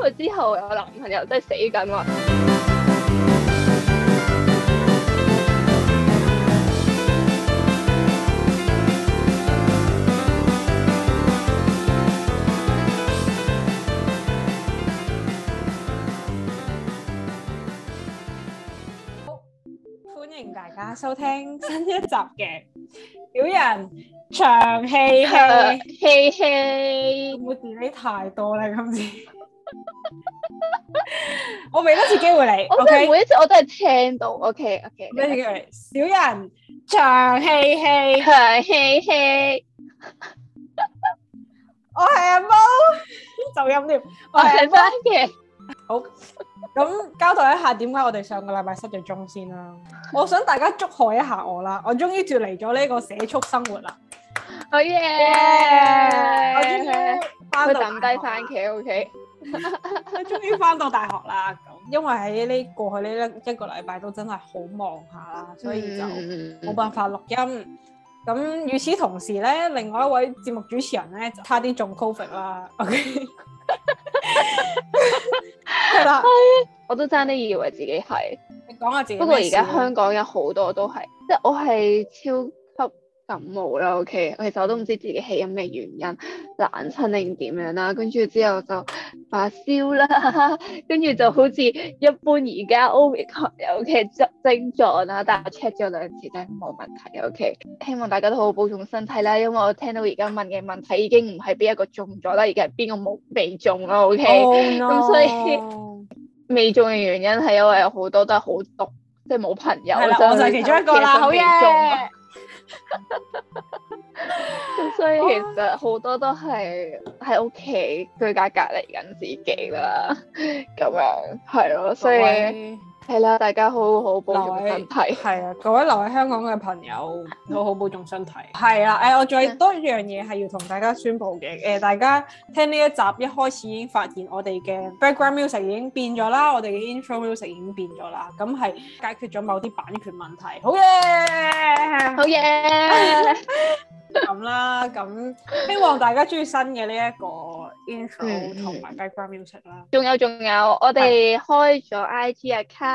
佢之後有男朋友，真係死緊喎！好，歡迎大家收聽新一集嘅小人長氣氣嘿嘿，我自己太多啦，今次。我俾多一次機會你，我都每一次我都係聽到。O K O K。咩字句？小人長氣氣，長氣氣。我係阿毛，就音調。我係番茄。好，咁交代一下，點解我哋上個禮拜失咗蹤先啦？我想大家祝賀一下我啦，我終於脫離咗呢個社畜生活啦。好嘢！我站低番茄，O K。佢 終於翻到大學啦，咁因為喺呢過去呢一一個禮拜都真係好忙下啦，所以就冇辦法錄音。咁與此同時咧，另外一位節目主持人咧，就差啲中 covid 啦。OK，係啦 吧， 我都差啲以為自己係。你講下自己。不過而家香港有好多都係，即係我係超感冒啦，OK，其實我都唔知自己係因咩原因冷親定點樣啦，跟住之後就發燒啦，跟 住就好似一般而家 Omicron 有嘅症症狀啦，但係 check 咗兩次真係冇問題，OK。希望大家都好好保重身體啦，因為我聽到而家問嘅問題已經唔係邊一個中咗啦，而係邊個冇未中咯，OK。咁、oh, no. 所以未中嘅原因係因為有好多都係好毒，即係冇朋友了。我就其中一個啦，好嘢。咁 所以其實好多都係喺屋企居家隔離緊自己啦，咁 樣係咯， 所以。係啦，大家好好保重身體。係啊，各位留喺香港嘅朋友，好好保重身體。係啊，誒，我再多一樣嘢係要同大家宣布嘅。誒、呃，大家聽呢一集一開始已經發現我哋嘅 background music 已經變咗啦，我哋嘅 intro music 已經變咗啦。咁係解決咗某啲版權問題。好嘢，好嘢，咁啦，咁希望大家鍾意新嘅呢一個 intro 同埋 background music 啦。仲、嗯、有仲有，我哋開咗 IT account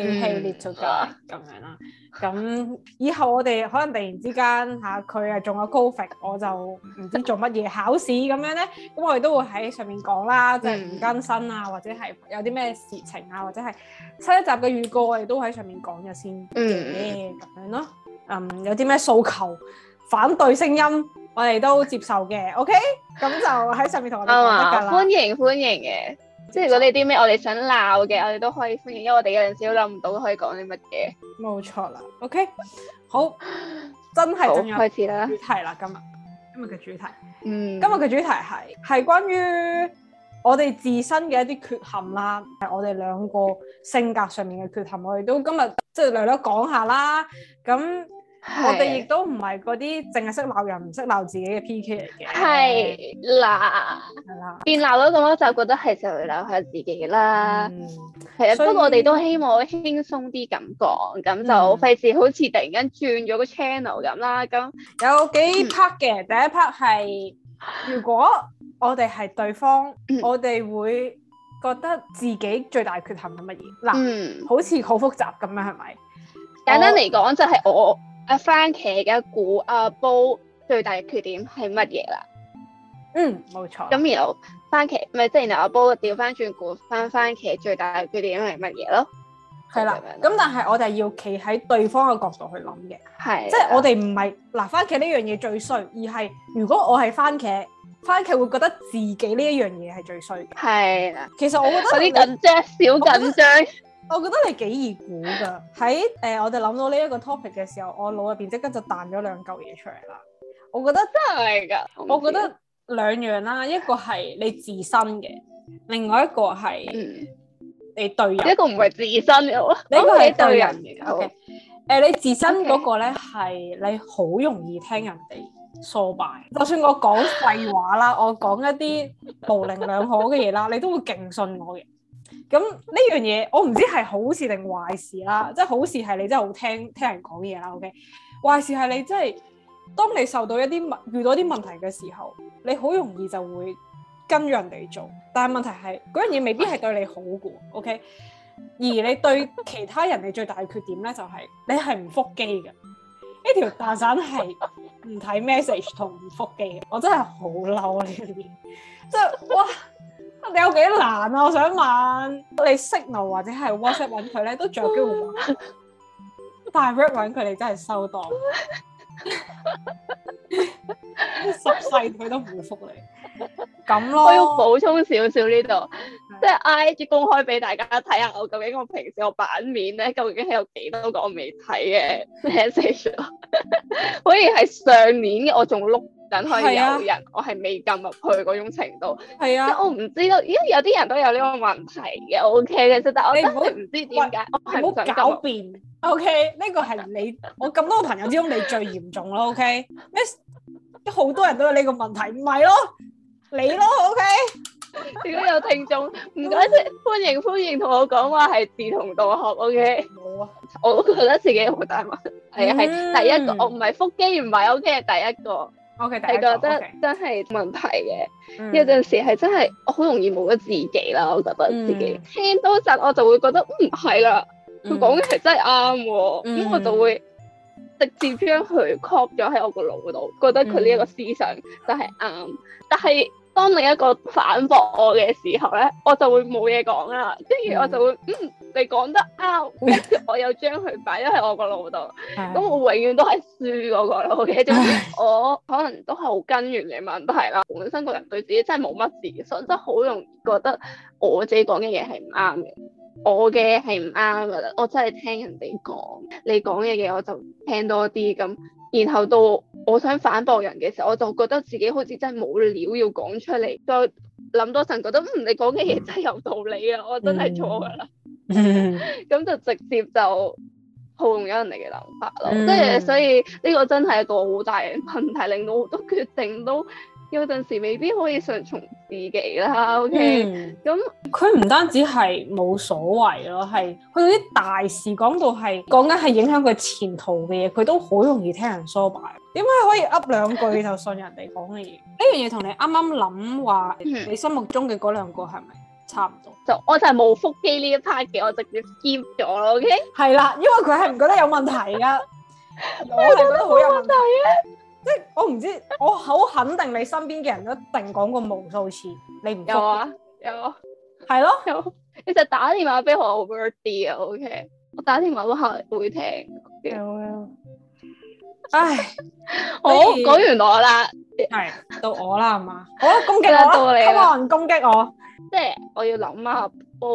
氣氣系列出噶咁樣啦，咁、嗯、以後我哋可能突然之間嚇佢啊，仲有 Covid，我就唔知做乜嘢考試咁樣咧，咁我哋都會喺上面講啦，即係唔更新啊，或者係有啲咩事情啊，或者係出一集嘅預告，我哋都會喺上面講咗先嘅咁樣咯。嗯，有啲咩訴求、反對聲音，我哋都接受嘅。OK，咁就喺上面同我哋講得噶啦。歡迎歡迎嘅。即係如果你啲咩我哋想鬧嘅，我哋都可以歡迎，因為我哋有陣時都諗唔到可以講啲乜嘢。冇錯啦，OK，好， 真係，好，開始啦，主題啦，今日今日嘅主題，嗯，今日嘅主題係係關於我哋自身嘅一啲缺陷啦，係我哋兩個性格上面嘅缺陷，我哋都今日即係略略講下啦，咁。我哋亦都唔係嗰啲淨係識鬧人唔識鬧自己嘅 P.K. 嚟嘅，係嗱，係啦，變鬧咗咁多就覺得係就會鬧下自己啦，係啊、嗯。不過我哋都希望輕鬆啲咁講，咁就費事好似突然間轉咗個 channel 咁啦。咁有幾 part 嘅，嗯、第一 part 係如果我哋係對方，嗯、我哋會覺得自己最大缺陷係乜嘢？嗱、嗯，嗯、好似好複雜咁樣，係咪？簡單嚟講就係我。番茄嘅估阿煲最大嘅缺點係乜嘢啦？嗯，冇錯。咁然後番茄，咪即係然後阿煲掉翻轉估翻番茄最大嘅缺點係乜嘢咯？係啦、啊。咁但係我哋要企喺對方嘅角度去諗嘅，係即係我哋唔係嗱番茄呢樣嘢最衰，而係如果我係番茄，番茄會覺得自己呢一樣嘢係最衰嘅。係啦、啊，其實我覺得我有啲緊張，少緊張。我覺得你幾易估噶，喺誒、呃，我哋諗到呢一個 topic 嘅時候，我腦入邊即刻就彈咗兩嚿嘢出嚟啦。我覺得真係噶，志我覺得兩樣啦，一個係你自身嘅，另外一個係你對人。一、嗯、個唔係自身嘅，一個係對人嘅。好嘅，誒 Okay.、呃，你自身嗰個咧係你好容易聽人哋疏拜，敗 Okay. 就算我講廢話啦， 我講一啲模棱兩可嘅嘢啦，你都會勁信我嘅。咁呢樣嘢，我唔知係好事定壞事啦。即係好事係你真係好聽聽人講嘢啦，OK。壞事係你真係，當你受到一啲問遇到啲問題嘅時候，你好容易就會跟住人哋做。但係問題係嗰樣嘢未必係對你好嘅，OK。而你對其他人你最大嘅缺點咧、就係，就係你係唔覆機嘅。呢條蛋散係唔睇 message 同唔覆機，我真係好嬲呢啲，真 係哇！你有幾難啊？我想問，你 Signal 或者係 WhatsApp 揾佢咧，都仲有機會。但係 WeChat 佢哋真係收到，十世佢都唔覆你。咁咯。我要補充少少呢度，的即係 IG 公開俾大家睇下，我究竟我平時個版面咧，究竟係有幾多個我未睇嘅 message？好似喺上年我仲碌。等可以有人，我係未撳入去嗰種程度，係啊，我唔知道，因為有啲人都有呢個問題嘅 O K 嘅，但係我真係唔知點解，我係冇狡辯。O K，呢個係你我咁多個朋友之中你最嚴重咯。O K，咩，都好多人都有呢個問題，唔係咯，你咯。O K，如果有聽眾？唔該先，歡迎歡迎同我講話係志同道合。O K，冇啊，我都覺得自己好大問題啊，係第一個，我唔係腹肌唔係 O K 係第一個。係、okay，覺得真係問題嘅，嗯、有陣時係真係我好容易冇咗自己啦。我覺得自己、嗯、聽多陣，我就會覺得唔係、嗯、啦，佢講嘅係真係啱，咁、嗯、我就會直接將佢 copy 咗喺我個腦度，嗯、覺得佢呢一個思想就係啱，嗯、但係。當你一個反駁我嘅時候咧，我就會冇嘢講啦。跟住我就會，嗯，你講得啱，我又將佢擺咗喺我個腦度。咁 我永遠都係輸嗰、嗰個咯 OK？ 我可能都係好根源嘅問題啦。本身個人對自己真係冇乜自信，所以真係好容易覺得我自己講嘅嘢係唔啱嘅，我嘅係唔啱嘅。我真係聽人哋講，你講嘅嘢我就聽多啲咁。然後到我想反駁人嘅時候，我就覺得自己好似真係冇料要講出嚟。再諗多陣，覺得，嗯，你講嘅嘢真係有道理啊，我真係錯㗎啦。咁、嗯、 就直接就包容咗人哋嘅諗法咯。即係所以呢、呢個真係一個好大嘅問題，令到好多決定都。有陣時未必可以順從自己啦，OK？咁佢唔單止係冇所謂咯，係佢啲大事講到係講緊係影響佢前途嘅嘢，佢都好容易聽人唆擺。點解可以噏兩句就信人哋講嘅嘢？呢樣嘢同你啱啱諗話你心目中嘅嗰兩個係咪差唔多？就我就係冇腹肌呢一 part 嘅，我直接 keep 咗咯，OK？係啦，因為佢係唔覺得有問題㗎， 我係覺得好有問題啊！即係我唔知，我好肯定你身邊嘅人都一定講過無數次，你唔有啊？有係咯，一直打電話俾我，Wordy 啊，OK，我打電話都係會聽。有啊，唉，好講完我啦，係到我啦，係嘛？好，攻擊得到你，冇人攻擊我。即係我要諗下煲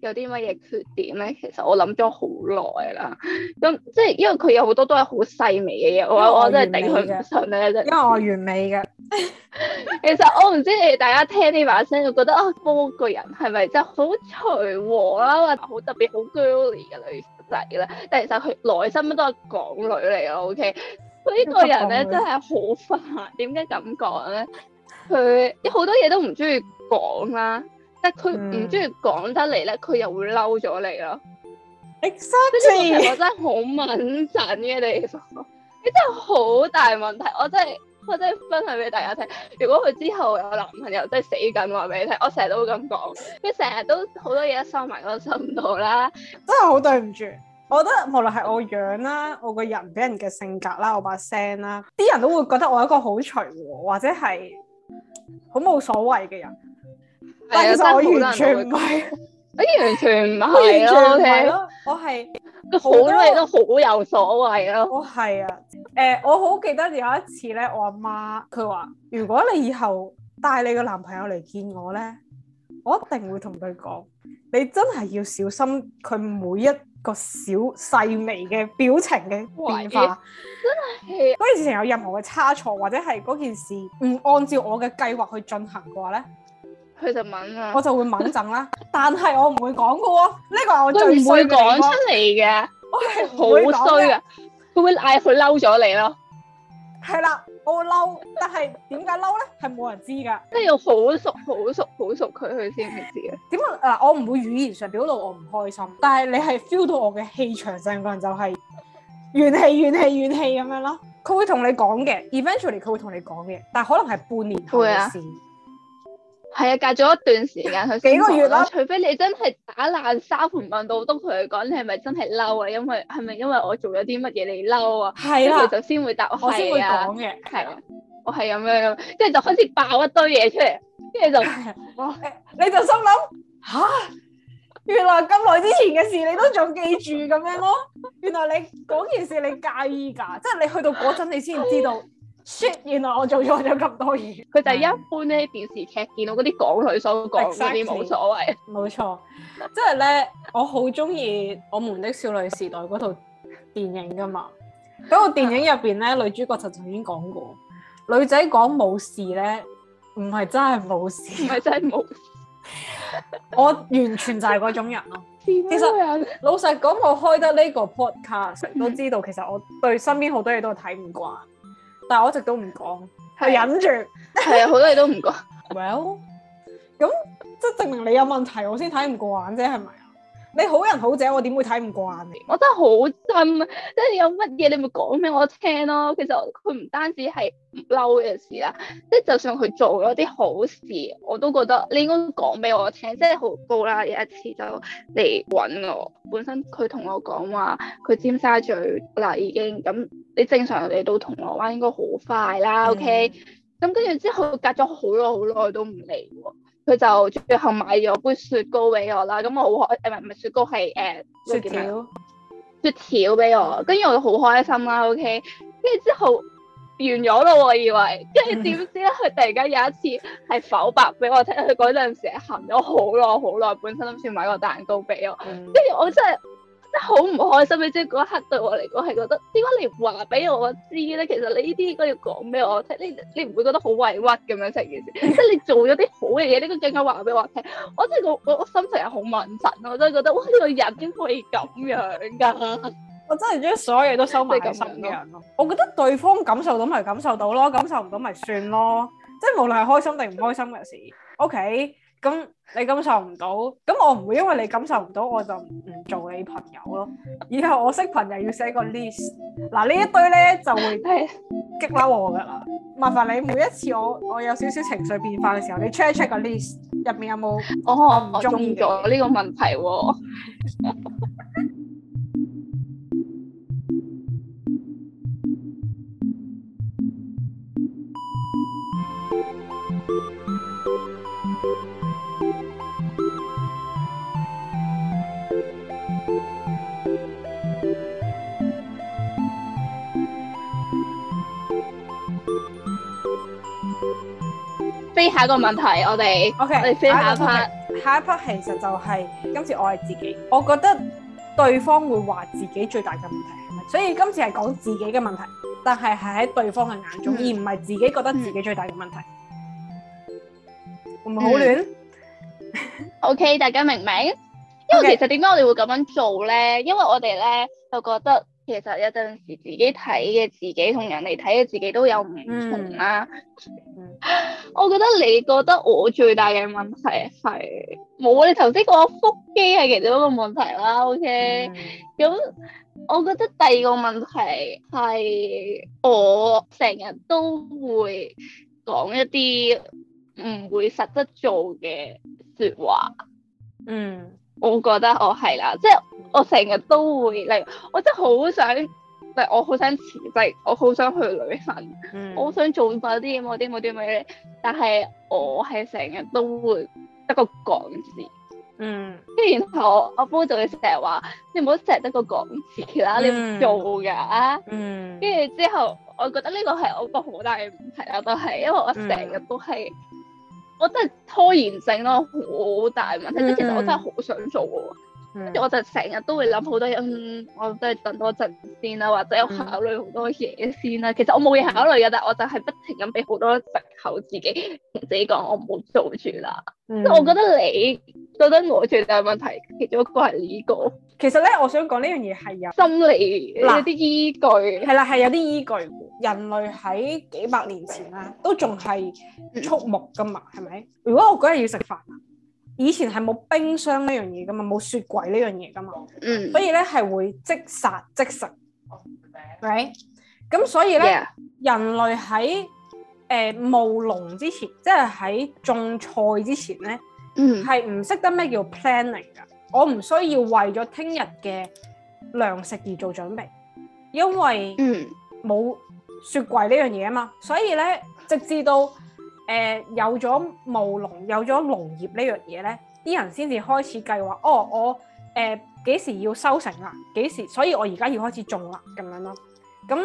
有啲乜嘢缺點咧，其實我諗咗好耐啦。咁即係因為佢有好多都係好細微嘅嘢，我我真係頂佢唔順咧！真係因為我完美嘅。其實我唔知你哋大家聽呢把聲，覺得啊煲個人係咪真係好隨和啦，或好特別好 girly 嘅女仔咧？但其實佢內心都係港女嚟咯。OK，佢呢 個人咧，真係好煩。點解咁講咧？佢有好多嘢都唔中意。講啦，即係佢唔中意講得嚟咧，佢，就是嗯，又會嬲咗你咯。Exactly 我真係好敏感嘅地方，呢真係好大問題。我真係我真係分享俾大家聽。如果佢之後有男朋友，真係死梗，話俾你聽。我成日都咁講，佢成日都好多嘢收埋個心度啦，真係好對唔住。我覺得無論係我樣啦，我個人俾人嘅性格啦，我把聲啦，啲人都會覺得我係一個好隨和或者係好冇所謂嘅人。但其實我完全唔係、欸，完全唔係咯。我係 好多嘢都好有所謂咯。我係、 哦、啊，誒、呃，我好記得有一次咧，我阿媽佢話：如果你以後帶你個男朋友嚟見我咧，我一定會同佢講，你真係要小心佢每一個小細微嘅表情嘅變化。真係，嗰件事情有任何嘅差錯，或者係嗰件事唔按照我嘅計劃去進行嘅話咧。佢就猛啊，我就會猛整啦，但係我唔會講噶喎，呢、這個係我最衰嘅，佢唔會講出嚟嘅，我係好衰噶，佢會嗌佢嬲咗你咯，係啦，我會嬲，但係點解嬲咧？係冇人知噶，即係要好熟、好熟、好熟佢去先知嘅，點解？嗱，我唔會語言上表露我唔開心，但係你係 feel 到我嘅氣場上，個人就係、是、怨氣、怨氣、怨氣咁樣咯，佢會同你講嘅，eventually 佢會同你講嘅，但係可能係半年後嘅係啊，隔咗一段時間佢先講。幾個月啦，除非、啊、你真係打爛沙盤問到都，都同佢講你係咪真係嬲啊？因為係咪因，為因為我做咗啲乜嘢你嬲啊？係啦，就先會答，啊、我先會講嘅。係、啊，啊、我係咁樣，跟住就開始爆一堆嘢出嚟，跟住就 哇你，你就心諗吓，原來咁耐之前嘅事你都仲記住咁樣咯？原來你講件事 你介意㗎，即係你去到嗰陣你先知道。 原來我做錯咗咁多嘢，佢就係一般咧電視劇見到嗰啲港女所講嗰啲冇所謂，冇錯。即係咧，我好中意我們的少女時代嗰套電影㗎嘛。嗰個電影入邊咧， 女主角就曾經講過，女仔講冇事咧，唔係真係冇事，唔係真係冇事。我完全就係嗰種人咯。 其實老實講，我開得呢個 podcast，都知道其實我對身邊好多嘢都睇唔慣。但係我一直都唔講，係忍住，係啊，好是 多嘢都唔講。Well，咁即係證明你有問題，我先睇唔過眼啫，係咪？你好人好者，我點會睇唔慣你？我真係好憎啊！即係有乜嘢你咪講俾我聽咯。其實佢唔單止係嬲嘅事啦，即係就算佢做咗啲好事，我都覺得你應該講俾我聽。即係好高啦，有一次就嚟揾我。本身佢同我講話佢尖沙咀喇已經咁，你正常嚟到銅鑼灣應該好快啦。嗯、OK，咁跟住之後隔咗好耐好耐都唔嚟喎。佢就最後買咗杯雪糕俾我啦，咁我好開，誒唔係雪糕係誒、呃、雪條，雪條俾我，跟住我就好開心啦，OK，跟住之後完咗咯喎，我以為，跟住點知咧，佢 突然間有一次係剖白俾我聽，佢嗰陣時行咗好耐好耐，本身諗住買個蛋糕俾我，跟住 我真係～即係好唔開心，即係嗰一刻對我嚟講係覺得點解你唔話俾我知咧？其實你呢啲應該要講俾我聽？你你唔會覺得好委屈咁樣成件事？即係 你做咗啲好嘅嘢，你都更加應該話俾我聽。我真係個我，我心情係好憤神，我真係覺得哇呢、呢個人點可以咁樣㗎？我真係將所有嘢都收埋咁嘅人咯。我覺得對方感受到咪感受到咯，感受唔到咪算咯。即係無論係開心定唔開心嘅事。 o、okay、k 咁你感受唔到，咁我唔會因為你感受唔到，我就唔做你朋友咯。以後我識朋友要寫個 list，嗱呢一堆咧就會激嬲我噶啦。麻煩你每一次我我有少少情緒變化嘅時候，你 check 一 check 個 list 入面有冇我中咗呢個問題。下一個問題，我哋，OK，我哋翻下一 part，下一 part 其實就係今次我係自己，我覺得對方會話自己最大嘅問題，所以今次係講自己嘅問題，但係係喺對方嘅眼中，而唔係自己覺得自己最大嘅問題，會唔會好亂？OK，大家明唔明？因為其實點解我哋會咁樣做咧？因為我哋咧就覺得其實有陣時自己睇嘅自己同人哋睇嘅自己都有唔同啦。我覺得你覺得我最大嘅問題係冇啊？你頭先講腹肌係其中一個問題啦，OK？咁、mm. 嗯、我覺得第二個問題係我成日都會講一啲唔會實質做嘅說話，嗯，mm. 我覺得我係啦，即係我成日都會例如我真係好想。唔係我好想辭職，我好想去旅行，嗯、我好想做某啲咁、嗰啲、某啲咁嘅嘢。但係我係成日都會得個講字，嗯。跟然後我哥就會成日話：你唔好成日得個講字其啦，嗯、你唔做㗎啊！嗯。跟住之後，我覺得呢個係我個好大嘅問題啦、啊，都係因為我成日都係，嗯、我真係拖延症咯，好大問題。因、嗯、其實我真係好想做跟住、嗯、我就成日都會諗好多嘢，嗯，我都係等多陣先啦，或者我考慮好多嘢先啦。其實我冇嘢考慮嘅，嗯、但係我就係不停咁俾好多藉口，口自己，同自己講我冇做住啦。即係、嗯、我覺得你覺得我最大問題其中一個係呢、呢個。其實咧，我想講呢樣嘢係有心理喇有啲依據，係啦，係有啲依據。人類喺幾百年前啦，都仲係畜牧㗎嘛，係咪？如果我嗰日要食飯？以前係冇冰箱呢樣嘢噶嘛，冇雪櫃呢樣嘢噶嘛，嗯、所以咧係會即殺即食，係咁、嗯 right? 所以咧 Yeah. 人類喺誒務農之前，即係喺種菜之前咧，係唔識得咩叫 planning 㗎，我唔需要為咗聽日嘅糧食而做準備，因為冇雪櫃呢樣嘢啊嘛，所以咧直至到。誒、呃、有咗務農有咗農業呢樣嘢咧，啲人先至開始計劃。哦，我誒幾、呃、時要收成啦？幾時？所以我而家要開始種啦，咁樣咯。咁誒，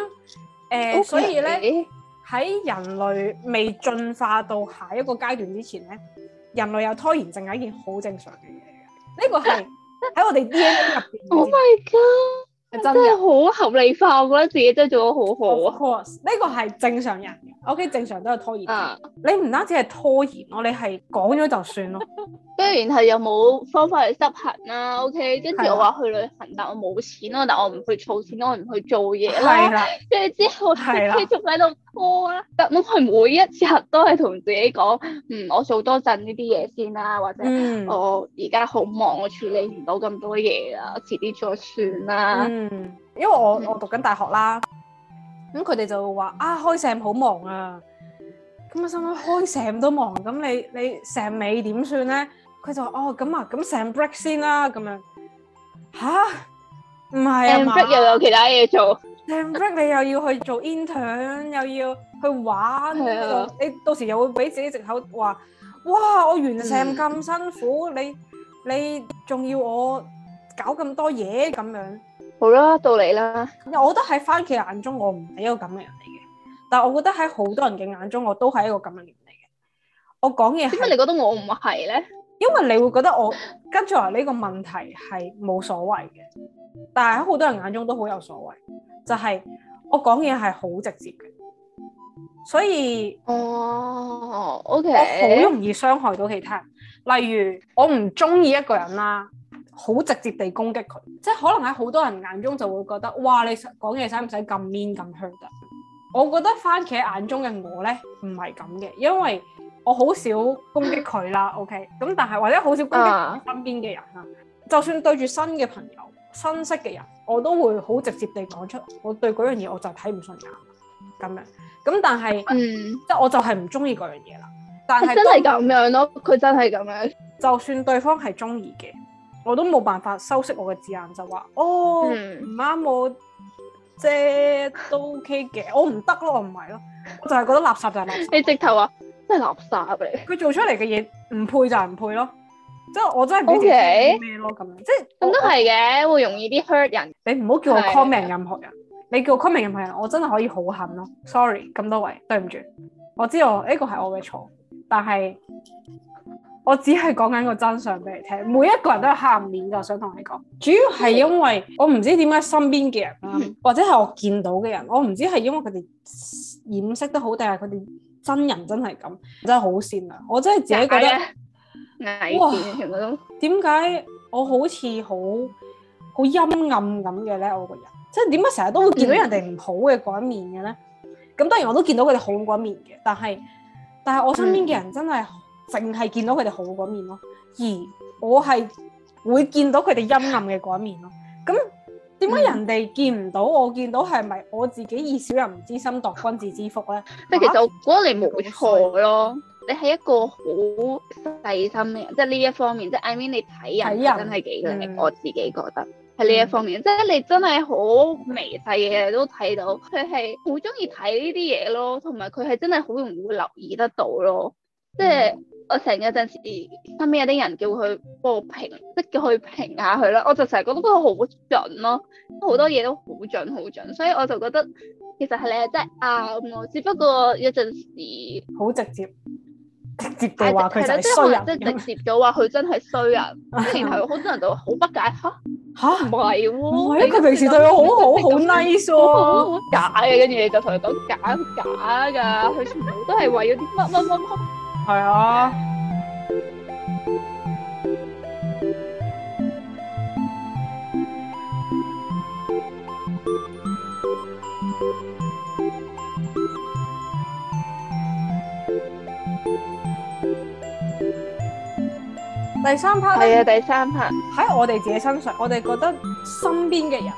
呃、Okay. 所以咧喺人類未進化到下一個階段之前咧，人類有拖延症係一件好正常嘅嘢嚟嘅。呢、呢個係喺我哋 DNA 入邊。Oh my god！真係好合理化，我覺得自己真係做得好好啊！呢個係正常人，OK，正常都係拖，uh. 拖延。你唔單止係拖延咯，你係講咗就算咯。雖 然係又冇方法去執行啦，OK，跟住我話去旅行，但我冇錢咯、啊，但我唔去儲錢，我唔去做嘢啦。跟住啦之後繼續喺度拖、啊、啦。但係我係每一日都係同自己講：嗯，我做多陣呢啲嘢先啦，或者我而家好忙，我處理唔到咁多嘢啦，遲啲再算啦。嗯嗯，因為我我讀緊大學啦，咁佢哋就話啊開 semester 好忙啊，咁我心諗開 semester 都忙，咁你你成尾點算咧？佢就話哦咁啊，咁成 break 先啦，咁樣吓唔係啊？break 又有其他嘢做，成 break 你又要去做 intern，又要去玩，你到時又會俾自己借口話哇我完 semester 咁辛苦，你你仲要我搞咁多嘢咁樣？好啦，到你啦。我覺得喺番茄眼中，我唔係一個咁嘅人嚟嘅。但係我覺得喺好多人嘅眼中，我都係一個咁嘅人嚟嘅。我講嘢，點解你覺得我唔係咧？因為你會覺得我跟住話呢個問題係冇所謂嘅，但係喺好多人眼中都好有所謂。就係、是、我講嘢係好直接嘅，所以哦，O、okay、K，我好容易傷害到其他人。例如，我唔中意一個人啦。好直接地攻擊佢，即係可能喺好多人眼中就會覺得，哇！你講嘢使唔使咁 mean 咁 hurt？我覺得番茄眼中嘅我呢，唔係咁嘅，因為我好少攻擊佢啦。 OK，咁但係或者好少攻擊身邊嘅人啦。啊、就算對住新嘅朋友、新識嘅人，我都會好直接地講出，我對嗰樣嘢我就睇唔順眼。咁樣咁，但係、嗯、即係我就係唔中意嗰樣嘢啦。但係真係咁樣咯、啊，佢真係咁樣。就算對方係中意嘅。我都冇辦法修飾我嘅字眼，就話哦唔啱、嗯、我，即都 OK 嘅，我唔得咯，我唔係咯，我就係覺得垃圾就係垃圾。你直頭話真係垃圾嚟、啊？佢做出嚟嘅嘢唔配就係唔配咯，即、就、係、是、我真係冇。O K，咩咯咁，即係咁都係嘅，我會容易啲 hurt 人。你唔好叫我 comment 任何人，的你叫我 comment 任何人，我真係可以好狠咯。Sorry，咁多位，對唔住，我知道呢個係我嘅錯，但係。我只係講緊個真相俾你聽，每一個人都係嚇面就想同你講。主要係因為我唔知點解身邊嘅人啦，嗯、或者係我見到嘅人，我唔知係因為佢哋掩飾得好，定係佢哋真人真係咁，真係好善良。我真係自己覺得，是哇，點解是我好似好好陰暗咁嘅咧？我個人，即係點解成日都會見到人哋唔好嘅嗰一面嘅咧？咁當然我都見到佢哋好嗰面嘅，但係但係我身邊嘅人真係。嗯淨係見到佢哋好嗰面咯，而我係會見到佢哋陰暗嘅嗰一面咯。咁點解人哋見唔到我、嗯、見到？係咪我自己以小人之心度君子之腹咧？即係其實我覺得你冇錯咯，你係一個好細心嘅人，即係呢一方面，即係 I mean 你睇人，人真係幾叻，嗯、我自己覺得喺呢、嗯、一方面，即係你真係好微細嘅嘢都睇到，佢係好中意睇呢啲嘢咯，同埋佢係真係好容易會留意得到咯。嗯、即係我成日有陣時身邊有啲人叫佢幫我評，即叫佢評下佢啦。我就成日覺得佢好準咯，好多嘢都好準好準，所以我就覺得其實係你真係啱咯。啊、我只不過有陣時好直接，臣直接嘅話佢係衰人，即係直接嘅話佢真係衰人。 然後好多人就好不解，吓吓唔係喎，佢、啊啊啊、平時對我好好好 nice，好假嘅，跟住就同佢講假假噶，佢全部都係為咗啲乜乜乜。係啊！第三 part 係啊！第三 part 喺我哋自己身上，我哋覺得身邊嘅人。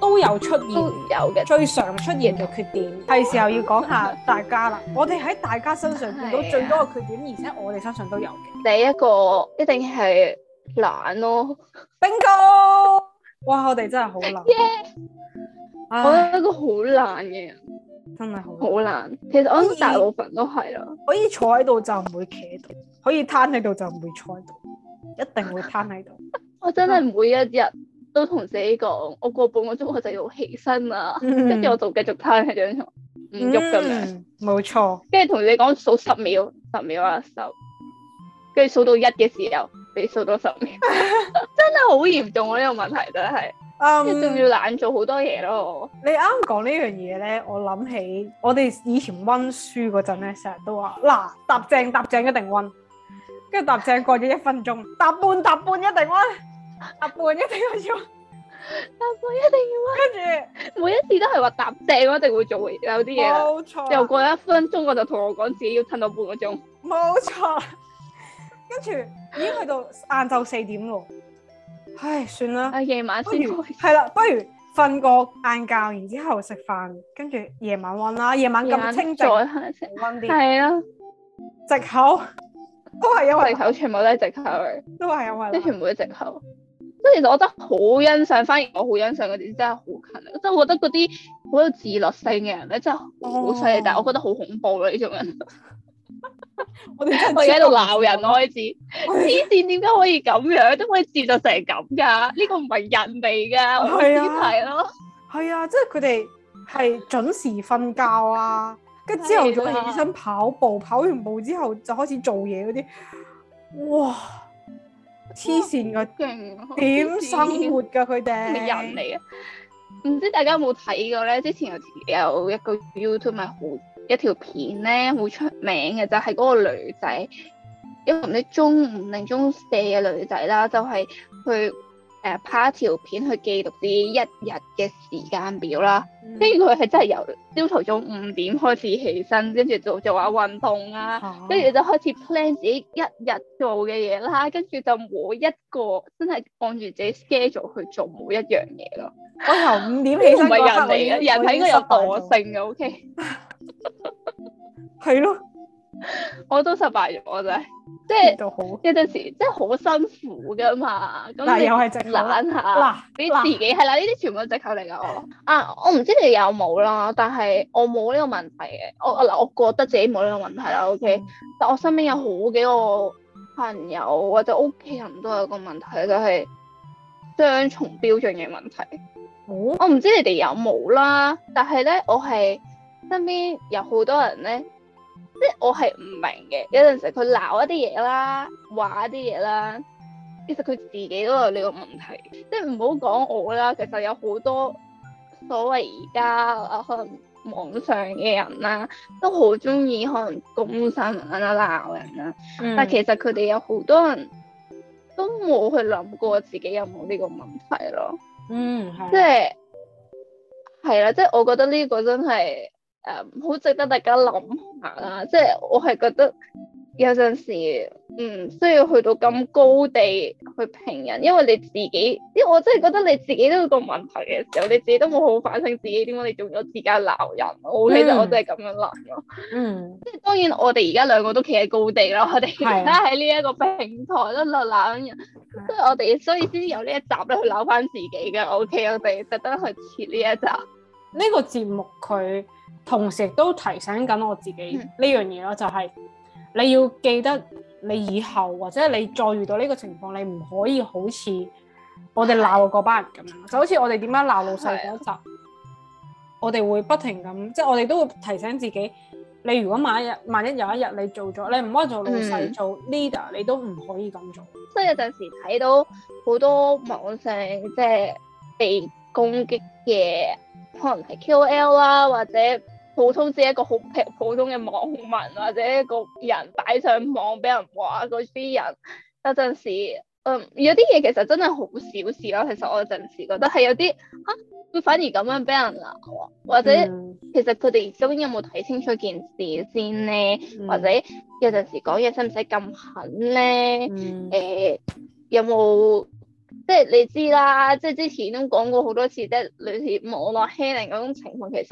都有出現，都有嘅。最常出現嘅缺點係時候要講下大家啦。我哋喺大家身上見到最多嘅缺點，而且我哋身上都有嘅。第一個一定係懶咯，冰哥，哇！我哋真係好懶，我覺得一個好懶嘅人，真係好懶。其實我諗大部分都係咯，可以坐喺度就唔會企喺度，可以攤喺度就唔會坐喺度，一定會攤喺度。我真係每一日。都同自己講，我過半個鐘我就要起身啦，跟住、mm hmm. 我就繼續攤喺張床唔喐咁樣。冇錯、mm，hmm. 錯跟住同你講數十秒，十秒啊十，跟住數到一嘅時候，你數到十秒， 真係好嚴重啊！呢、這個問題真、就、係、是，你仲、um, 要懶做好多嘢咯。你啱講呢樣嘢咧，我諗起我哋以前溫書嗰陣咧，成日都話嗱，踏正踏正一定溫，跟住踏正過咗一分鐘，踏半踏半一定溫。阿半一定要做，八半一定要。跟住每一次都係話答正我一定會做有啲嘢。冇錯。又過一分鐘，我就同我講自己要撐到半個鐘。冇錯。跟住已經去到晏晝四點咯。唉，算啦。唉，夜晚先。係啦，不如瞓個晏覺，然之後食飯，跟住夜晚溫啦。夜晚咁清早，靜，溫啲。係啦，藉口都係因為。藉口全部都係藉口嚟，都係因為。啲全部係藉口。即咁其實我覺得好欣賞，反而我好欣賞嗰啲真係好勤力，即係我覺得嗰啲好有自律性嘅人咧，真係好犀利。但係我覺得好恐怖咯呢種人，哎呀這個人，我而家喺度鬧人，我開始黐線點解可以咁樣，點可以自律成咁噶？呢個唔係人嚟㗎，係點係咯？係啊，即係佢哋係準時瞓覺啊，跟、 啊、之後早起身跑步，跑完步之後就開始做嘢嗰啲，哇！黐線㗎，啲人點哇生活㗎，佢哋係人嚟嘅，唔知大家有冇睇過咧？之前有有一個 YouTube 咪好一條片咧，好出名嘅，就係、是、嗰個女仔，因為唔知中五定中四嘅女仔啦，就係佢。誒拍條片去記錄自己一日嘅時間表啦，跟住佢係真係由朝頭早五點開始起身，跟住做下運動啊，跟住就開始 plan 自己一日做嘅嘢啦，跟住就每一個真係按住自己 schedule 去做每一樣嘢咯。我由五點起身，唔係人嚟嘅，人係應該有惰性嘅，OK，係咯。我都失敗咗，我真係，即係有陣時真係好即即辛苦噶嘛。但嗱，又係借口，嗱、啊，你自己係、啊、啦，呢啲全部都借口嚟噶。我啊，我唔知你哋有冇啦，但係我冇呢個問題嘅。我嗱，我覺得自己冇呢個問題啦。O、okay? K，但我身邊有好幾個朋友或者屋企人都有個問題，就係、是、雙重標準嘅問題。嗯、我唔知你哋有冇啦，但係咧，我係身邊有好多人咧。即係我係唔明嘅，有陣時佢鬧一啲嘢啦，話一啲嘢啦，其實佢自己都有呢個問題。即係唔好講我啦，其實有好多所謂而家啊，可能網上嘅人啦，都好中意可能公審人啦、鬧人啦，嗯、但其實佢哋有好多人都冇去諗過自己有冇呢個問題咯。嗯，即係係啦，即係我覺得呢個真係。誒，好、um, 值得大家諗下啦！即係我係覺得有陣時，嗯，需要去到咁高地去評人，因為你自己，因為我真係覺得你自己都有個問題嘅時候，你自己都冇好反省自己，點解你仲要自己鬧人？嗯、我其實我真係咁樣諗，嗯，即係當然我哋而家兩個都企喺高地啦，我哋而家喺呢一個平台度鬧人，即係我哋所以先有呢一集咧去鬧翻自己嘅。O K，我哋特登去設呢一集呢 okay, 一集個節目佢。同時都提醒緊我自己呢樣嘢咯，嗯、就係、是、你要記得你以後或者你再遇到呢個情況，你唔可以好似我哋鬧嗰班人咁樣，的就好似我哋點樣鬧老細嗰集，的我哋會不停咁，即、就、係、是、我哋都會提醒自己，你如果萬一萬一有一日你做咗，你唔可以做老細、嗯、做 leader，你都唔可以咁做。嗯、所以有陣時睇到好多網上即係被攻擊嘅，可能係 QL 啊或者。普通只係一個好普通嘅網民，或者一個人擺上網俾人話，嗰啲人有陣時，嗯，有啲嘢其實真係好小事啦、啊。其實我有陣時覺得係有啲吓，會、啊、反而咁樣俾人鬧、啊、或者、嗯、其實佢哋究竟有冇睇清楚件事先咧？嗯、或者有陣時講嘢使唔使咁狠咧？誒、嗯欸，有冇？即係你知啦，即係之前都講過好多次，即係類似網絡欺凌嗰種情況，其實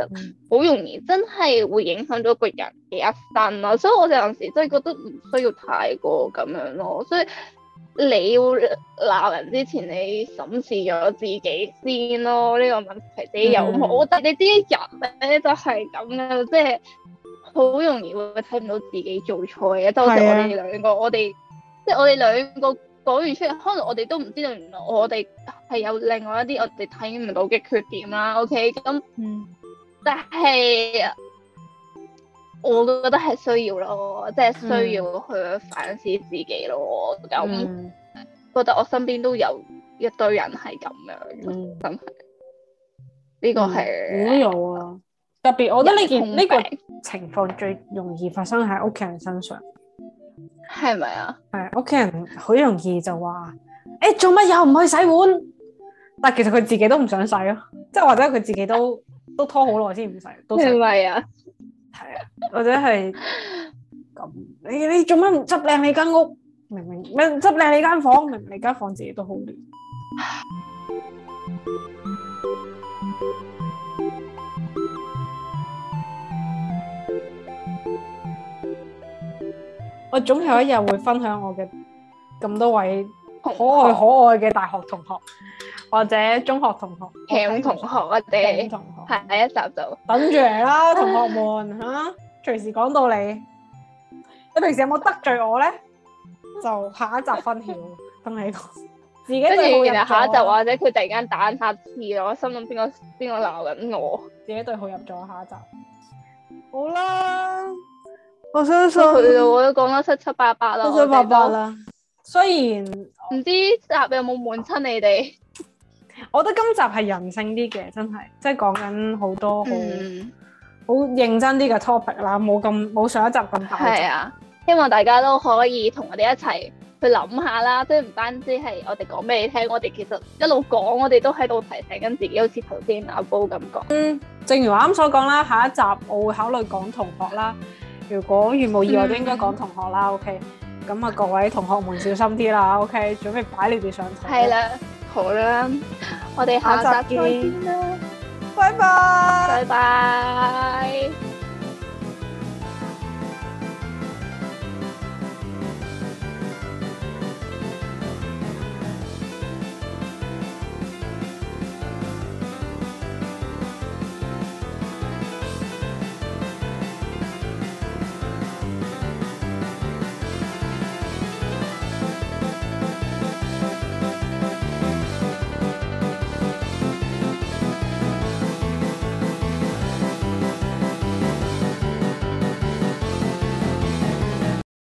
好容易真係會影響到一個人嘅一生咯。所以我有陣時真係覺得唔需要太過咁樣咯。所以你要鬧人之前，你審視咗自己先咯。呢個問題你有冇？我覺得你啲人咧就係咁樣，即係好容易會睇唔到自己做錯嘅。即係好似我哋兩個，啊、我哋即係我哋兩個。講完出嚟，可能我哋都唔知道，原來我哋係有另外一啲我哋睇唔到嘅缺點啦。OK，咁，嗯、但係我都覺得係需要咯，即、就、係、是、需要去反思自己咯。咁、嗯、覺得我身邊都有一堆人係咁樣，真係呢個係我有啊。特別，我覺得呢件呢個情況最容易發生喺屋企人身上。係咪啊？係屋企人好容易就話，誒做乜又唔去洗碗？但其實佢自己都唔想洗咯，即係或者佢自己都都拖好耐先唔洗，係咪啊？係啊，或者係咁，你你做乜唔執靚你間屋？明明咩執靚你間房？明明你間房自己都好亂。我總有一日會分享我嘅咁多位可愛可愛嘅大學同學或者中學同學，慶同學，慶同學，下一集就，等住嚟啦，同學們吓，隨時講到你。你平時有冇得罪我咧？就下一集分享，等你自己對號入座。下一集或者佢突然間打一下刺，我心諗邊個邊個鬧緊我，自己對號入座。下一集好啦。我相信佢，我都講得七七八八啦。七七八八啦。雖然唔知集有冇悶親你哋。我覺得今集係人性啲嘅，真係，即係講緊好多好好、嗯、認真啲嘅 topic 啦，冇咁冇上一集咁大集。係啊。希望大家都可以同我哋一齊去諗下啦，即係唔單止係我哋講俾你聽，我哋其實一路講，我哋都喺度提醒緊自己，好似頭先阿寶咁講。嗯，正如我啱啱所講啦，下一集我會考慮講同學啦。如果如無意外，我都應該講同學啦。嗯、OK，咁啊，各位同學們小心啲啦。OK，準備擺你哋上台。係啦，好啦，我哋下集見啦，拜拜，拜拜。Bye bye。